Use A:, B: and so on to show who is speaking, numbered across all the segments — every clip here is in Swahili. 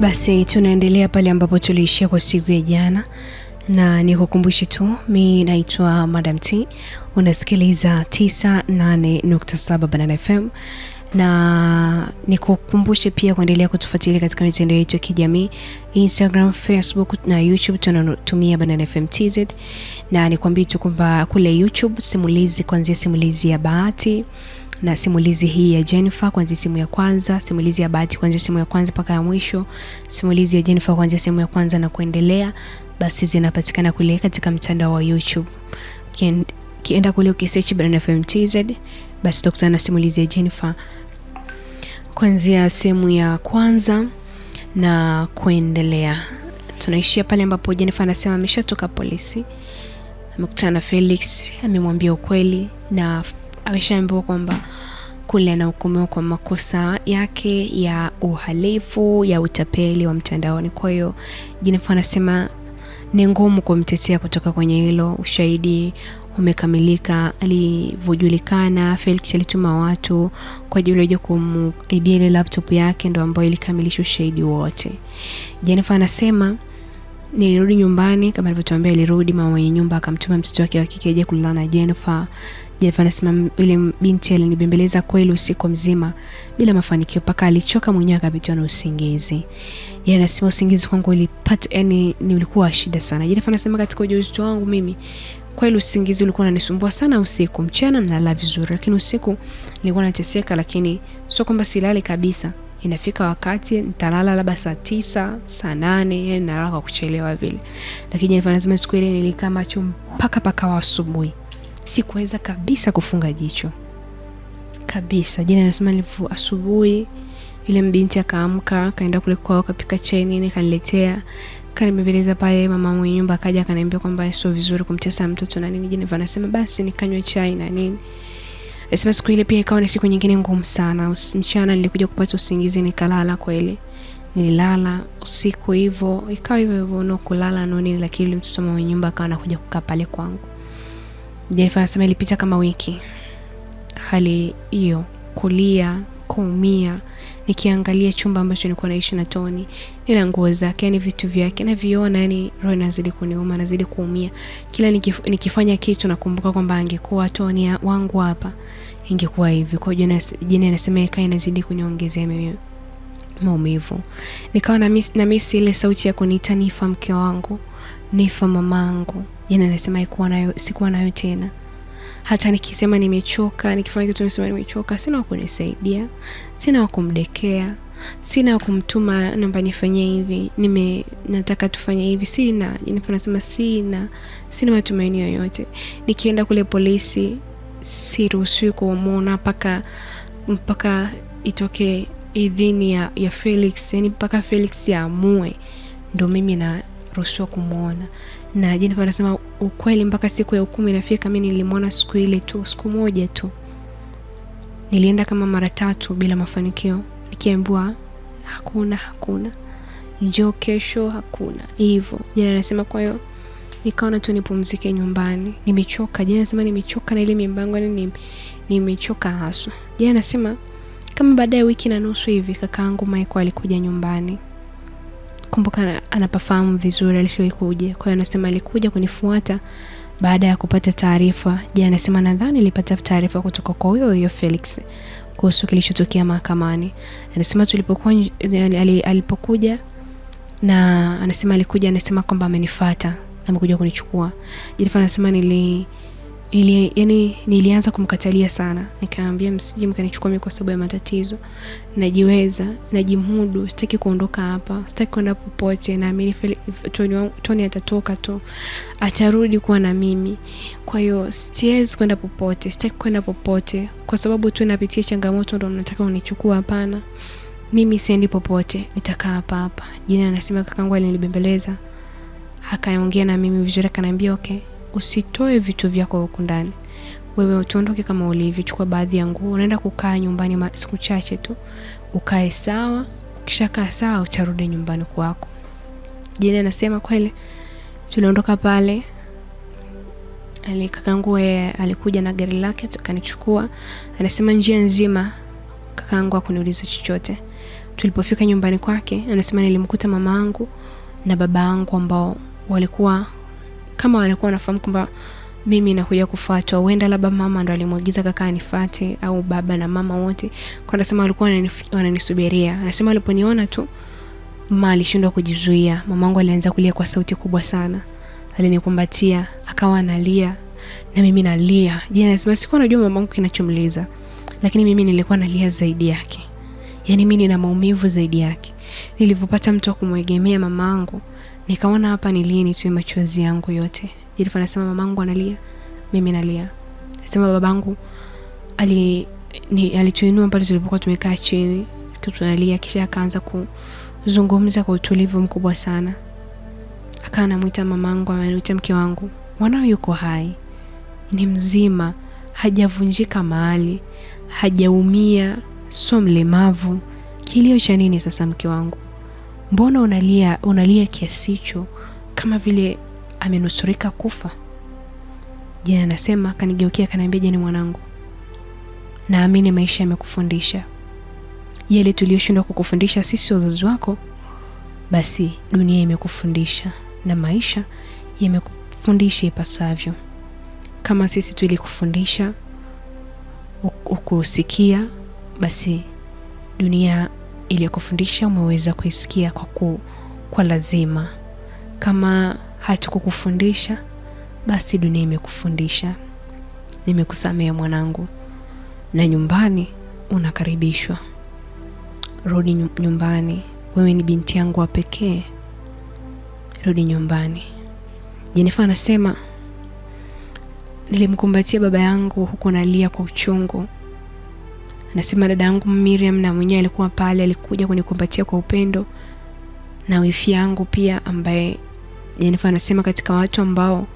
A: Basi tunaendelea pale ambapo tuliishia kwa siku ya jana, na nikukumbushe tu, mi naitwa Madam T, unasikiliza 98.7 Banana FM na nikukumbushe pia kuendelea kutufuatilia katika mitandao yetu ya kijamii Instagram, Facebook na YouTube, tunatumia Banana FM TZ. Na nikwambie tu kwamba kule YouTube simulizi, kuanzia simulizi ya bahati na simulizi hii ya Jennifer kuanzia simu ya kwanza, simulizi ya Bahati kuanzia simu ya kwanza mpaka ya mwisho, simulizi ya Jennifer kuanzia simu ya kwanza na kuendelea, basi zinapatikana kule katika mtandao wa YouTube. Kienda kule ukisearch Baraka FM TZ, basi utakutana na simulizi ya Jennifer kuanzia simu ya kwanza na kuendelea. Tunaishia pale ambapo Jennifer anasema ameshatoka polisi, amekutana na Felix, amemwambia ukweli na ameshaambiwa kwamba kule anahukumiwa kwa makosa yake ya uhalifu ya utapeli wa mtandaoni. Kwa hiyo Jenifer anasema ni ngumu kumtetea kutoka kwenye hilo, ushahidi umekamilika. Alivyojulikana, Felix alituma watu kwa ajili ya kumuibia ile laptop yake, ndo ambayo ilikamilisha ushahidi wote. jennifer anasema nilirudi nyumbani, kama alivyotuambia, alirudi mama mwenye nyumba akamtuma mtoto wake wa kike kulala na jennifer Jeff anasema yule binti alinibembeleza kweli usiku mzima bila mafanikio mpaka alichoka mwenyewe akapitiwa na usingizi. Yeye anasema usingizi kwangu ulipata yani ni ulikuwa shida sana. Jeff anasema katika ujauzito wangu mimi kweli usingizi ulikuwa unanisumbua sana usiku. Mchana nalala vizuri, lakini usiku nilikuwa nateseka, lakini sio kwamba silali kabisa. Inafika wakati nitalala labda saa tisa saa nane yani nalala kwa kuchelewa vile, lakini Jeff anasema siku ile nilikaa macho mpaka paka wa asubuhi sikuweza kabisa kufunga jicho kabisa. Jana nasema nilivu asubuhi ile mbinti akaamka akaenda kule kwao akapika chai nini kaniletea, kanibembeleza pale. Mama mwenye nyumba akaja akaniambia kwamba sio vizuri kumtesa mtoto na nini. Jana anasema basi nikanywe chai na nini. Nasema siku ile pia ikawa ni siku nyingine ngumu sana. Mchana nilikuja kupata usingizi nikalala kweli. Nililala usiku hivyo, ikawa hivyo hivyo, no kulala no nini, lakini mtoto mwenye nyumba akawa anakuja kukaa pale kwangu. Jenifer anasema ilipita kama wiki, hali hiyo, kulia, kuumia, nikiangalia chumba ambacho nilikuwa naishi na Tony, nina nguo zake, yani vitu vyake naviona, yani roho inazidi kuniuma, nazidi kuumia. Kila nikif, nikifanya kitu nakumbuka kwamba angekuwa Tony wangu hapa ingekuwa hivi. Kwa hiyo Jeni anasema ikae, inazidi kuniongezea mimi maumivu. Nikawa na miss, na miss ile sauti ya kuniita Nifa mke wangu, Nifa mamangu Jana anasema sikuwa nayo tena. Hata nikisema nimechoka, nikifanya kitu nisema nimechoka, sina wa kunisaidia, sina wa kumdekea, sina wa kumtuma namba nifanyie hivi, nime nataka tufanye hivi, sina. Jenifer nasema sina, sina matumaini yoyote. Nikienda kule polisi siruhusiwi kumwona mpaka mpaka itoke idhini ya, ya Felix, yani mpaka Felix yaamue ndo mimi naruhusiwa kumwona na Jennifer anasema ukweli, mpaka siku ya hukumu inafika, mimi nilimwona siku ile tu, siku moja tu. Nilienda kama mara tatu bila mafanikio, nikiambiwa hakuna, hakuna, njoo kesho, hakuna hivyo. Jana anasema kwa hiyo nikaona tu nipumzike nyumbani, nimechoka. Jana anasema nimechoka na ile mimbango yani nimechoka haswa. Jana anasema kama baada ya wiki na nusu hivi, kakaangu Michael alikuja nyumbani kumbuka anapafahamu vizuri, alishawahi kuja. Kwa hiyo anasema alikuja kunifuata baada ya kupata taarifa. Je, anasema nadhani nilipata taarifa kutoka kwa huyo huyo Felix kuhusu kilichotokea mahakamani. Anasema tulipokuwa alipokuja na anasema alikuja, anasema kwamba amenifuata, amekuja kunichukua. Jenifa anasema nili ili, yani nilianza kumkatalia sana, nikaambia msiji mkanichukua mimi kwa sababu ya matatizo. Najiweza, najimudu, sitaki kuondoka hapa, sitaki kwenda popote. Naamini Toni atatoka tu, atarudi kuwa na mimi. Kwa hiyo siwezi kwenda popote, sitaki kwenda popote kwa sababu tu napitia changamoto, ndo nataka unichukua? Hapana, mimi siendi popote, nitakaa hapa hapa. Jina anasema kakangu alinibembeleza, akaongea na mimi vizuri, akaniambia okay Usitoe vitu vyako huku ndani. Wewe utondoke kama ulivyo, chukua baadhi ya nguo, unaenda kukaa nyumbani siku chache tu, ukae sawa. Ukishakaa sawa, utarudi nyumbani kwako. Jeni anasema kweli, tuliondoka pale kakangu alikuja na gari lake akanichukua. Anasema njia nzima kakangu akuniuliza chochote. Tulipofika nyumbani kwake, anasema nilimkuta mamaangu na babaangu ambao walikuwa kama wanakuwa wanafahamu kwamba mimi nakuja kufuatwa, huenda labda mama ndo alimwagiza kaka anifuate au baba na mama wote, kwa anasema walikuwa wananisubiria. Anasema aliponiona tu mama alishindwa kujizuia, mamangu alianza kulia kwa sauti kubwa sana, alinikumbatia akawa analia na mimi nalia. Je, anasema sikuwa najua mamangu kinachomliza, lakini mimi nilikuwa nalia zaidi yake, yaani mimi nina maumivu zaidi yake. Nilivyopata mtu wa kumwegemea mamangu Nikaona hapa nilie nitoe machozi yangu yote. Jenifer anasema mamangu analia, mimi nalia. Anasema babangu ali ni alituinua pale tulipokuwa tumekaa chini tunalia, kisha akaanza kuzungumza kwa utulivu mkubwa sana. Akawa anamwita mamangu, ananiita mke wangu, mwanao yuko hai, ni mzima, hajavunjika mahali, hajaumia, sio mlemavu. Kilio cha nini sasa, mke wangu? mbona unalia, unalia kiasi hicho kama vile amenusurika kufa? jina anasema. Akanigeukia akaniambia, Jane mwanangu, naamini maisha yamekufundisha yale tuliyoshindwa kukufundisha sisi wazazi wako, basi dunia imekufundisha na maisha yamekufundisha ipasavyo. Kama sisi tulikufundisha ukusikia, basi dunia iliyokufundisha umeweza kuisikia kwa, ku, kwa lazima. Kama hatukukufundisha basi dunia imekufundisha. Nimekusamea mwanangu, na nyumbani unakaribishwa. Rudi nyumbani, wewe ni binti yangu wa pekee, rudi nyumbani. jenifa anasema nilimkumbatia baba yangu huku nalia kwa uchungu Anasema dada yangu Miriam na mwenyewe alikuwa pale, alikuja kunikumbatia kwa upendo na wifi yangu pia, ambaye Jennifer anasema katika watu ambao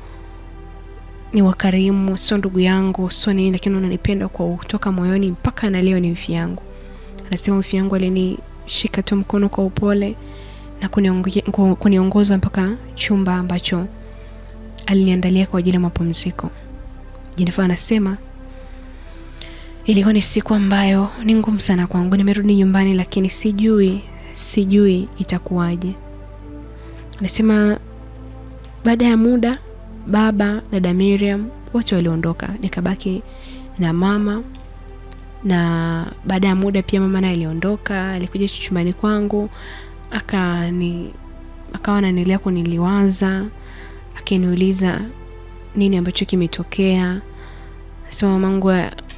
A: ni wakarimu, sio ndugu yangu, sio nini, lakini unanipenda kwa kutoka moyoni mpaka na leo ni wifi yangu. Anasema wifi yangu alinishika tu mkono kwa upole na kuniongoza mpaka chumba ambacho aliniandalia kwa ajili ya mapumziko. Jennifer anasema Ilikuwa ni siku ambayo ni ngumu sana kwangu. Nimerudi nyumbani, lakini sijui sijui itakuwaje. Nasema baada ya muda, baba, dada Miriam wote waliondoka, nikabaki na mama. Na baada ya muda pia mama naye aliondoka, alikuja chumbani kwangu akani akawa ananielea kuniliwaza, akiniuliza nini ambacho kimetokea. Sema mamangu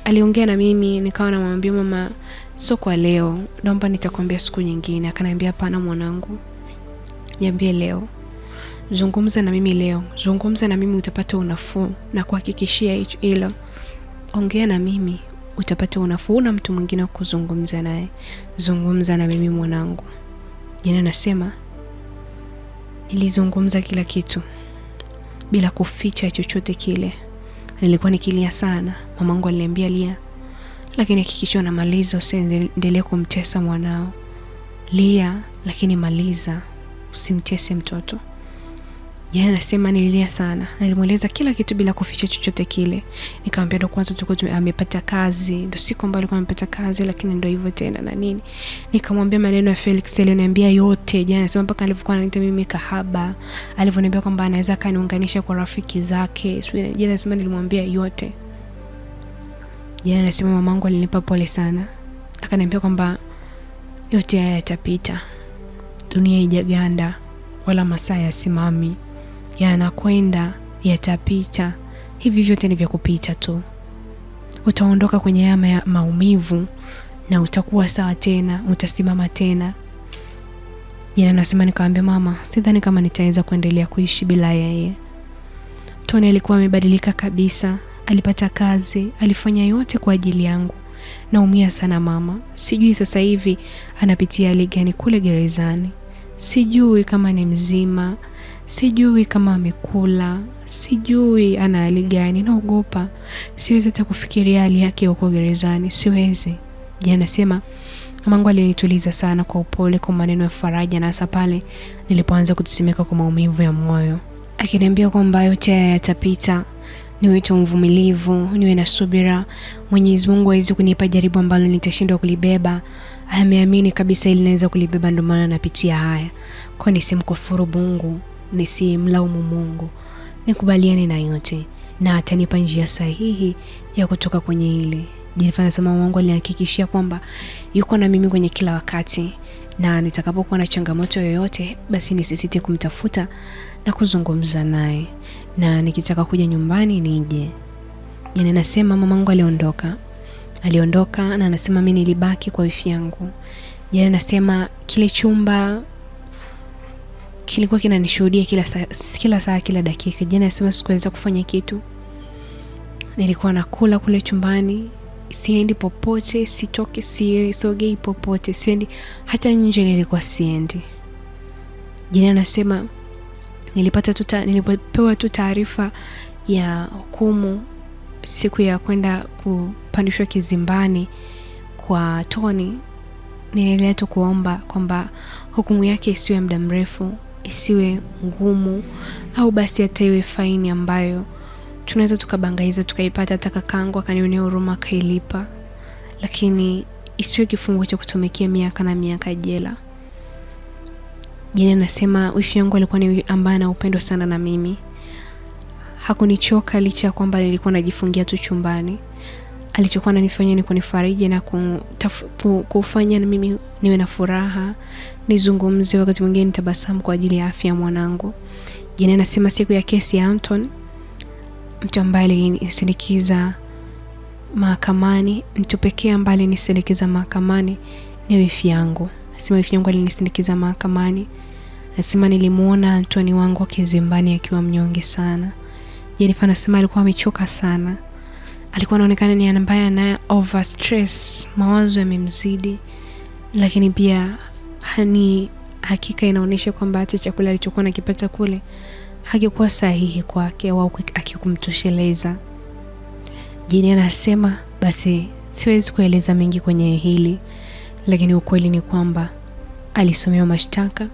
A: aliongea na mimi, nikawa namwambia mama, sio kwa leo, naomba nitakwambia siku nyingine. Akaniambia hapana, mwanangu, niambie leo, zungumza na mimi leo, zungumza na mimi utapata unafuu na kuhakikishia hilo, ongea na mimi utapata unafuu na mtu mwingine wa kuzungumza naye. Zungumza na mimi mwanangu. Jina nasema nilizungumza kila kitu bila kuficha chochote kile. Nilikuwa nikilia sana, mamangu aliniambia lia, lakini hakikisha unamaliza, usiendelee kumtesa mwanao. Lia lakini maliza, usimtese mtoto. Jana anasema nililia sana, nilimweleza kila kitu bila kuficha chochote kile. Nikamwambia ndo kwanza tulikuwa amepata kazi, ndo siku ambayo alikuwa amepata kazi, lakini ndo hivyo tena na nini. Nikamwambia maneno ya Felix aliyoniambia yote. Jana anasema mpaka alivyokuwa ananiita mimi kahaba, alivyoniambia kwamba anaweza akaniunganisha kwa rafiki zake. Jana anasema nilimwambia yote. Jana anasema mamangu alinipa pole sana, akaniambia kwamba yote haya yatapita, dunia ijaganda wala masaa yasimami yanakwenda, yatapita. Hivi vyote ni vya kupita tu. Utaondoka kwenye yama ya maumivu na utakuwa sawa tena, utasimama tena. Jana nasema nikamwambia mama, sidhani kama nitaweza kuendelea kuishi bila yeye. Tony alikuwa amebadilika kabisa, alipata kazi, alifanya yote kwa ajili yangu. Naumia sana mama, sijui sasa hivi anapitia hali gani kule gerezani. Sijui kama ni mzima, sijui kama amekula, sijui ana hali gani. Naogopa, siwezi hata kufikiria hali yake huko gerezani, siwezi. Je, anasema mamangu alinituliza sana kwa upole, kwa maneno ya faraja, na hasa pale nilipoanza kutisimika kwa maumivu ya moyo, akiniambia kwamba yote yatapita niwete mvumilivu, niwe na subira. Mwenyezi Mungu hawezi kunipa jaribu ambalo nitashindwa kulibeba. Ameamini kabisa ili naweza kulibeba, ndio maana napitia haya. Kwa nisimkufuru Mungu, nisimlaumu Mungu, nikubaliane na yote na atanipa njia sahihi ya kutoka kwenye ile. Jenifer anasema Mungu alinihakikishia kwamba yuko na mimi kwenye kila wakati na nitakapokuwa na changamoto yoyote, basi nisisite kumtafuta na kuzungumza naye, na nikitaka kuja nyumbani nije. Yani nasema mamangu aliondoka, aliondoka na anasema mimi nilibaki kwa wifi yangu. Yani nasema kile chumba kilikuwa kinanishuhudia kila saa, kila saa, kila dakika. Jana yaani nasema sikuweza kufanya kitu, nilikuwa nakula kule chumbani siendi popote, sitoke sisogei popote, siendi hata nje, nilikuwa siendi. Jina anasema nilipata tu, nilipewa tu taarifa ya hukumu siku ya kwenda kupandishwa kizimbani kwa Toni, niliendelea tu kuomba kwamba hukumu yake isiwe muda mrefu, isiwe ngumu, au basi hata iwe faini ambayo tunaweza tukabangaiza tukaipata, hata kakaangu akanionea huruma akailipa, lakini isiwe kifungo cha kutumikia miaka na miaka jela. Jina nasema wifi yangu alikuwa ni ambaye anaupendwa sana na mimi, hakunichoka licha ya kwamba nilikuwa najifungia tu chumbani. Alichokuwa ananifanya ni kunifariji na kufanya na mimi niwe na furaha, nizungumze, wakati mwingine nitabasamu kwa ajili ya afya ya mwanangu. Jina nasema siku ya kesi ya Anton mtu ambaye alinisindikiza mahakamani. Mtu pekee ambaye alinisindikiza mahakamani ni wifi yangu. Nasema wifi yangu alinisindikiza mahakamani. Nasema nilimuona Antoni wangu wa kizimbani akiwa mnyonge sana. Jenifa anasema alikuwa amechoka sana, alikuwa anaonekana ni ambaye anaye overstress, mawazo yamemzidi, lakini pia hani hakika inaonyesha kwamba hata chakula alichokuwa nakipata kule hakikuwa sahihi kwake au akikumtosheleza. Jini anasema basi, siwezi kueleza mengi kwenye hili, lakini ukweli ni kwamba alisomewa mashtaka,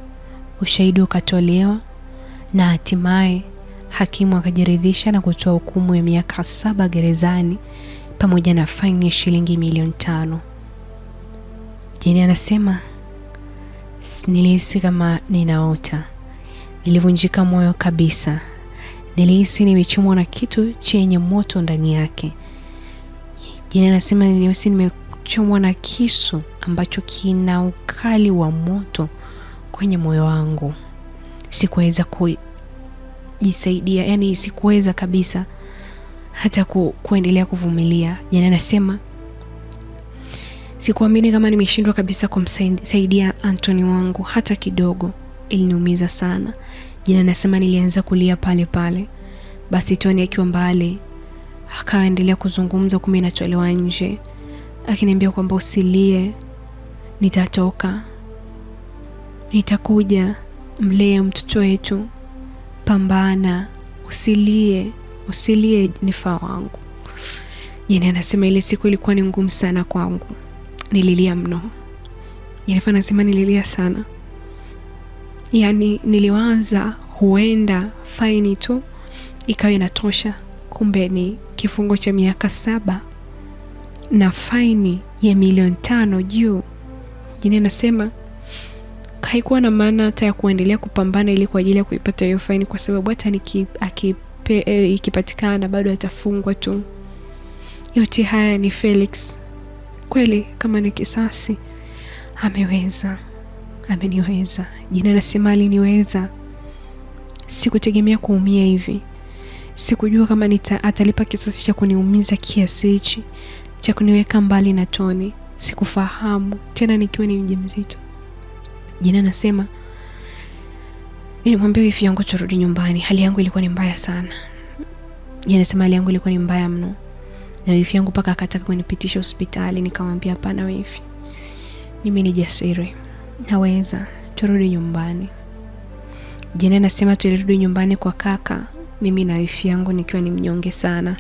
A: ushahidi ukatolewa na hatimaye hakimu akajiridhisha na kutoa hukumu ya miaka saba gerezani pamoja na faini ya shilingi milioni tano. Jini anasema nilihisi kama ninaota, Nilivunjika moyo kabisa, nilihisi nimechomwa na kitu chenye moto ndani yake. Jina anasema nilihisi nimechomwa na kisu ambacho kina ukali wa moto kwenye moyo wangu. Sikuweza kujisaidia, yani sikuweza kabisa hata ku, kuendelea kuvumilia. Jina anasema sikuamini kama nimeshindwa kabisa kumsaidia Anthony wangu hata kidogo iliniumiza sana. Jina nasema nilianza kulia pale pale. Basi Tony akiwa mbali akaendelea kuzungumza, kumbe inatolewa nje, akiniambia kwamba usilie, nitatoka, nitakuja, mlee mtoto wetu, pambana, usilie, usilie Niffer wangu. Jeni anasema ile siku ilikuwa ni ngumu sana kwangu, nililia mno. Jenifa anasema nililia sana yani niliwaza huenda faini tu ikawa inatosha, kumbe ni kifungo cha miaka saba na faini ya milioni tano juu. Jini anasema haikuwa na maana hata ya kuendelea kupambana ili kwa ajili ya kuipata hiyo faini, kwa sababu hata e, ikipatikana bado atafungwa tu. Yote haya ni Felix kweli, kama ni kisasi ameweza ameniweza. Jina sema aliniweza. Sikutegemea kuumia hivi. Sikujua kama nita, atalipa kisasi cha kuniumiza kiasi hichi cha kuniweka mbali na Toni. Sikufahamu tena nikiwa ni mjamzito. Jina nasema nilimwambia wifi yangu turudi nyumbani, hali yangu ilikuwa ni mbaya sana. Jina nasema hali yangu ilikuwa ni mbaya mno, na wifi yangu mpaka akataka kunipitisha hospitali. Nikamwambia hapana wifi, mimi ni jasiri Naweza turudi nyumbani. jeni anasema tulirudi nyumbani kwa kaka, mimi na wifi yangu nikiwa ni mnyonge sana.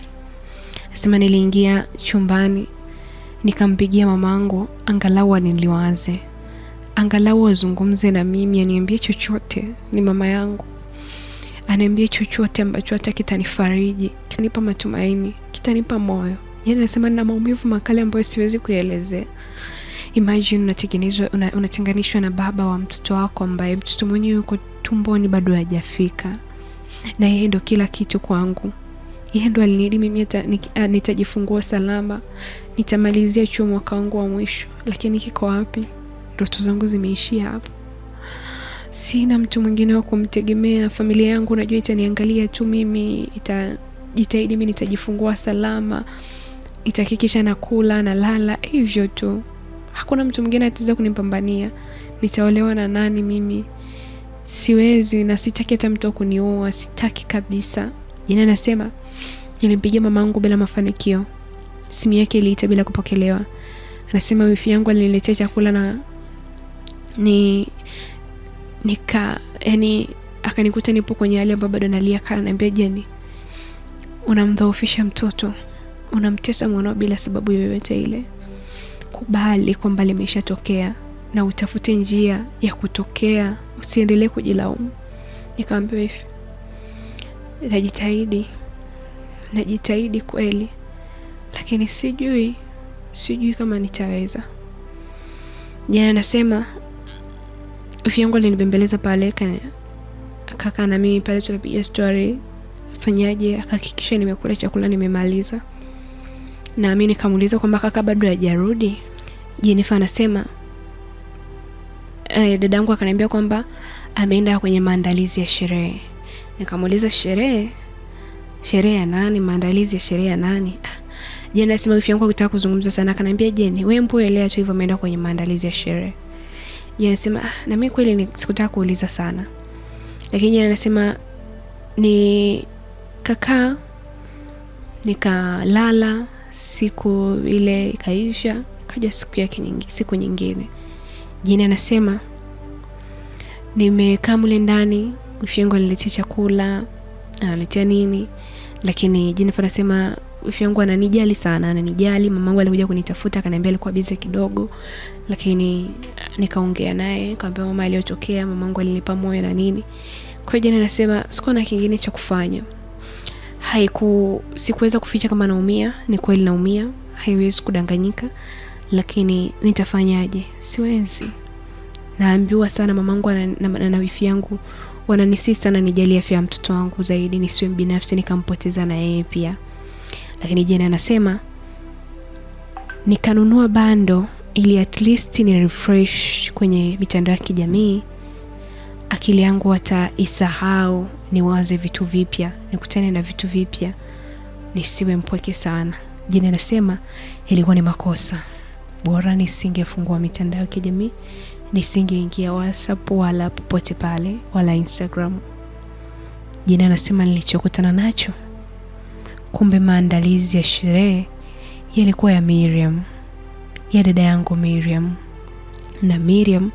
A: Nasema niliingia chumbani nikampigia mamangu angalau aniliwaze, angalau azungumze na mimi, aniambie chochote. Ni mama yangu, aniambie chochote ambacho hata kitanifariji, kitanipa matumaini, kitanipa moyo. yani anasema nina maumivu makali ambayo siwezi kuelezea. Imagine unatengenezwa una, unatenganishwa na baba wa mtoto wako ambaye mtoto mwenyewe yuko tumboni bado hajafika, na yeye ndo kila kitu kwangu. Yeye ndo alinidi mimi ah, nitajifungua salama, nitamalizia chuo mwaka wangu wa mwisho, lakini kiko wapi? Ndoto zangu zimeishia hapo. Sina mtu mwingine wa kumtegemea. Familia yangu najua itaniangalia tu mimi, itajitahidi mi nitajifungua salama, itahakikisha nakula nalala hivyo tu hakuna mtu mwingine ataweza kunipambania. Nitaolewa na nani mimi? Siwezi na sitaki hata mtu akunioa, sitaki kabisa. Jina anasema nilimpigia mamangu bila mafanikio, simu yake iliita bila kupokelewa. Anasema wifi yangu aliniletea chakula na ni nika yani, akanikuta nipo kwenye hali ambayo bado nalia, kana niambia, Jeni, unamdhoofisha mtoto, unamtesa mwanao bila sababu yoyote ile kubali kwamba limeshatokea na utafute njia ya kutokea, usiendelee kujilaumu. nikawambiwa hivi, najitahidi najitahidi kweli, lakini sijui sijui kama nitaweza. Jana nasema vyango linibembeleza pale, akakaa na mimi pale, tunapiga stori, fanyaje, akahakikisha nimekula chakula nimemaliza na Amini kamuuliza kwamba kaka bado hajarudi. Jenifa anasema eh, dadangu akaniambia kwamba ameenda kwenye maandalizi ya sherehe. Nikamuuliza sherehe? Sherehe ya nani? Maandalizi ya sherehe ya nani? Ah, Jeni asema wifi yangu akitaka kuzungumza sana, akaniambia Jeni, wewe mpo elewa tu hivyo ameenda kwenye maandalizi ya sherehe. Jeni asema ah, na mimi kweli sikutaka kuuliza sana. Lakini Jeni anasema ni kaka nikalala siku ile ikaisha, kaja siku yake nyingi, siku nyingine jini anasema nimekaa mule ndani, ushengo ananiletea chakula analetea nini, lakini Jenifer anasema ushengo ananijali sana, ananijali. Mamangu alikuja kunitafuta akaniambia alikuwa bize kidogo, lakini eh, nikaongea naye nikamwambia mama aliyotokea, mamangu alinipa moyo na nini. Kwa hiyo Jeni anasema sikuwa na kingine cha kufanya haiku sikuweza kuficha kama naumia, ni kweli naumia, haiwezi kudanganyika, lakini nitafanyaje? Siwezi. Naambiwa sana mamangu na, na, na, na wifi yangu wananisi sana nijali afya ya mtoto wangu zaidi, nisiwe binafsi nikampoteza na yeye pia. Lakini Jane anasema nikanunua bando ili at least ni refresh kwenye mitandao ya kijamii, akili yangu hata isahau niwaze vitu vipya, nikutane na vitu vipya, nisiwe mpweke sana. Jini anasema ilikuwa ni makosa, bora nisingefungua mitandao ya kijamii, nisingeingia WhatsApp wala popote pale wala Instagram. Jini anasema nilichokutana nacho, kumbe maandalizi ya sherehe yalikuwa ya Miriam, ya dada yangu Miriam, na Miriam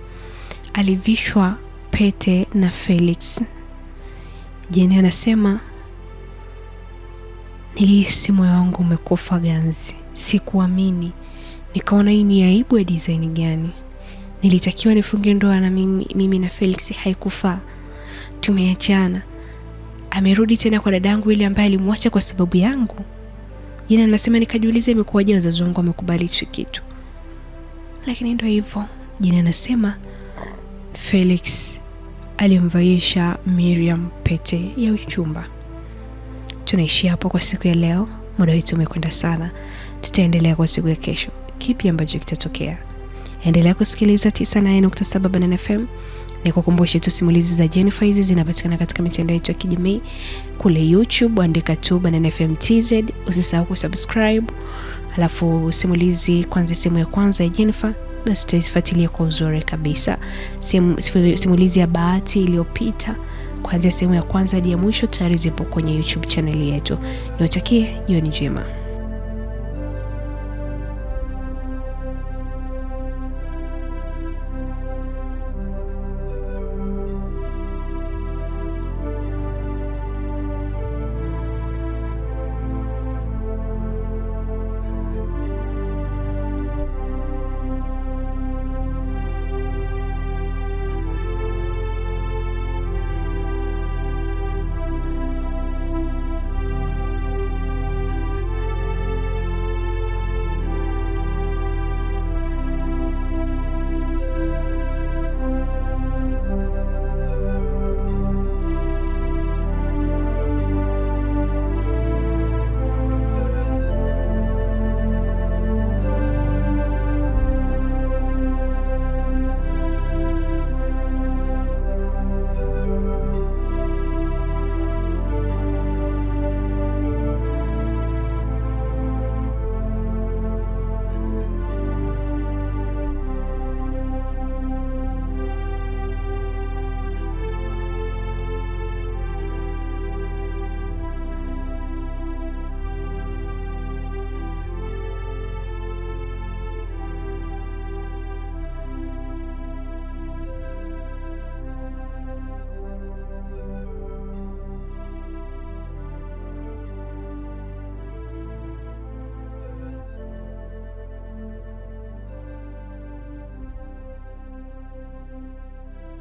A: alivishwa pete na Felix Jeni anasema nilihisi moyo wangu umekufa ganzi, sikuamini. Nikaona hii ni aibu ya design gani? Nilitakiwa nifunge ndoa na mimi, mimi na Felix haikufaa, tumeachana. Amerudi tena kwa dadangu ile ambaye alimwacha kwa sababu yangu. Jeni anasema nikajiuliza, imekuwaje wazazi wangu wamekubali hicho kitu, lakini ndio hivyo. Jeni anasema Felix alimvaisha Miriam pete ya uchumba. Tunaishi hapo kwa siku ya leo. Muda wetu umekwenda sana, tutaendelea kwa siku ya kesho. Kipi ambacho kitatokea? Endelea kusikiliza 98.7 Banana FM. Nikukumbushe tu simulizi za Jenifer hizi zinapatikana katika mitandao yetu ya kijamii kule YouTube, andika tu Banana FM TZ. Usisahau kusubscribe, alafu simulizi kwanza, simu ya kwanza ya Jenifer basi tutaifuatilia kwa uzuri kabisa. Simulizi ya bahati iliyopita kuanzia sehemu ya kwanza hadi ya mwisho tayari zipo kwenye YouTube chaneli yetu. Niwatakie jioni njema.